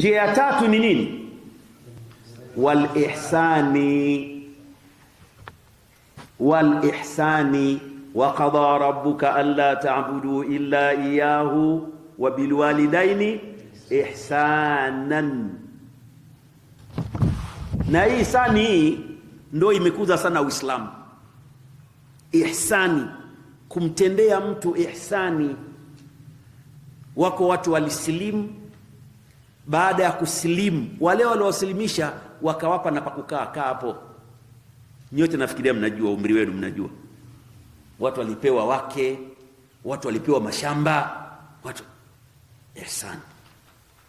Njia ya tatu ni nini? wal ihsani wa qada rabbuka alla ta'budu illa iyyahu wa bil walidaini ihsanan. Na hii sani hii ndio imekuza sana Uislamu. Ihsani, kumtendea mtu ihsani. Wako watu walisilimu baada ya kusilimu, wale waliosilimisha wakawapa na pakukaa kaa hapo. Nyote nafikiria mnajua, umri wenu mnajua, watu walipewa wake, watu walipewa mashamba, watu ehsan.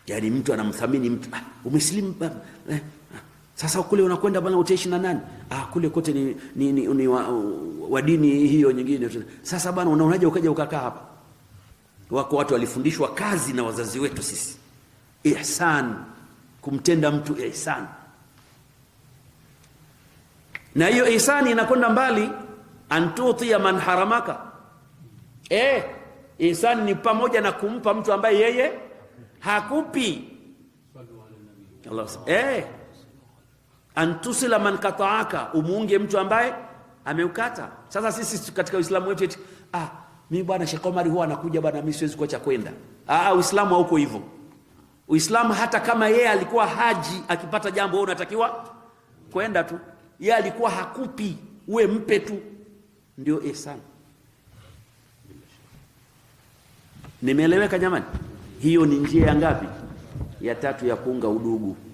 Yani mtu anamthamini mtu, ah, umesilimu eh, ah. sasa kule unakwenda bwana, utaishi na nani? Ah, kule kote ni, ni, ni, ni wa, wa dini hiyo nyingine. Sasa bwana, unaonaje ukaja ukakaa hapa? Wako watu walifundishwa kazi na wazazi wetu sisi ihsan, kumtenda mtu ihsan. Na hiyo ihsan inakwenda mbali, antutia man haramaka eh, ihsan ni pamoja na kumpa mtu ambaye yeye hakupi Allah, eh, antusila man kataaka, umuunge mtu ambaye ameukata. Sasa sisi katika Uislamu wetu ah, mimi bwana Sheikh Omar huwa anakuja bwana, mimi siwezi kuacha kwenda. Ah, Uislamu hauko hivyo. Uislamu hata kama yeye alikuwa haji akipata jambo, wewe unatakiwa kwenda tu. Yeye alikuwa hakupi, uwe mpe tu, ndio ihsan. Nimeeleweka jamani? Hiyo ni njia ya ngapi? Ya tatu ya kuunga udugu.